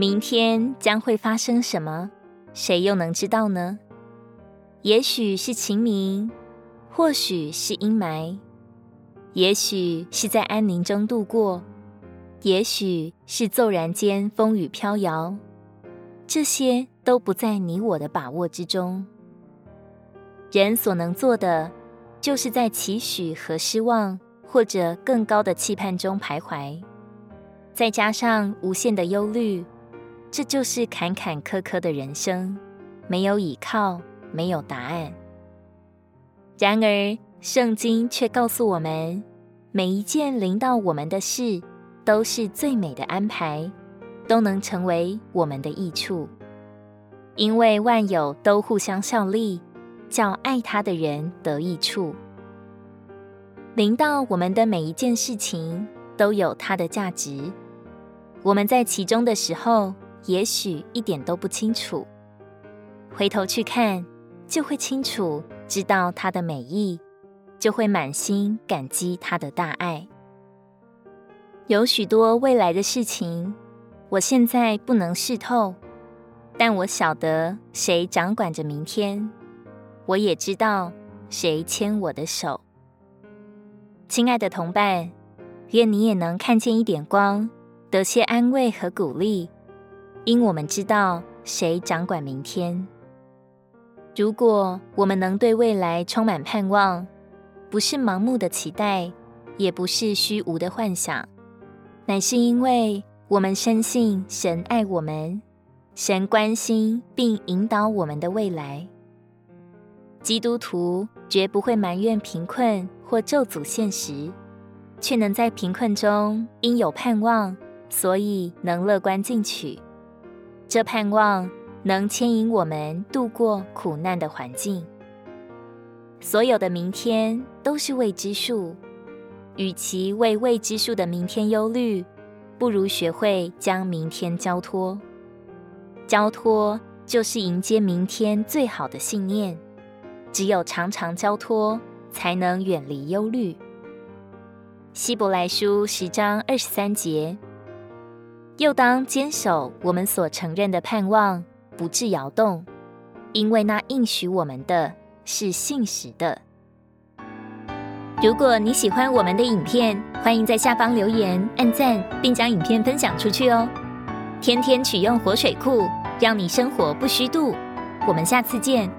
明天將會發生什麼？誰又能知道呢？也許是晴明，或許是陰霾，也許是在安寧中度過，也許是驟然間風雨飄搖。這些都不在你我的把握之中。人所能做的，就是在期許和失望，或者更高的期盼中徘徊，再加上無限的憂慮。這就是坎坎坷坷的人生，沒有依靠，沒有答案。然而，聖經卻告訴我們，每一件臨到我們的事，都是最美的安排，都能成為我們的益處，因為萬有都互相效力，叫愛他的人得益處。臨到我們的每一件事情，都有它的價值。我們在其中的時候，也許一點都不清楚，回頭去看就會清楚，知道他的美意，就會滿心感激他的大愛。有許多未來的事情，我現在不能試透，但我曉得誰掌管着明天，我也知道誰牽我的手。親愛的同伴，願你也能看見一點光，得些安慰和鼓勵。因我們知道誰掌管明天。如果我們能對未來充滿盼望，不是盲目的期待，也不是虛無的幻想，乃是因為我們深信神愛我們，神關心並引導我們的未來。基督徒絕不會埋怨貧困或咒詛現實，卻能在貧困中因有盼望，所以能樂觀進取。這盼望能牽引我們度過苦難的環境。所有的明天都是未知數，與其為未未知數的明天憂慮，不如學會將明天交托。交托就是迎接明天最好的信念。只有常常交托，才能遠離憂慮。希伯來書十章二十三節。又當堅守我們所承認的盼望，不致搖動，因為那應許我們的是信實的。如果你喜歡我們的影片，歡迎在下方留言、按讚，並將影片分享出去哦。天天取用活水庫，讓你生活不虛度。我們下次見。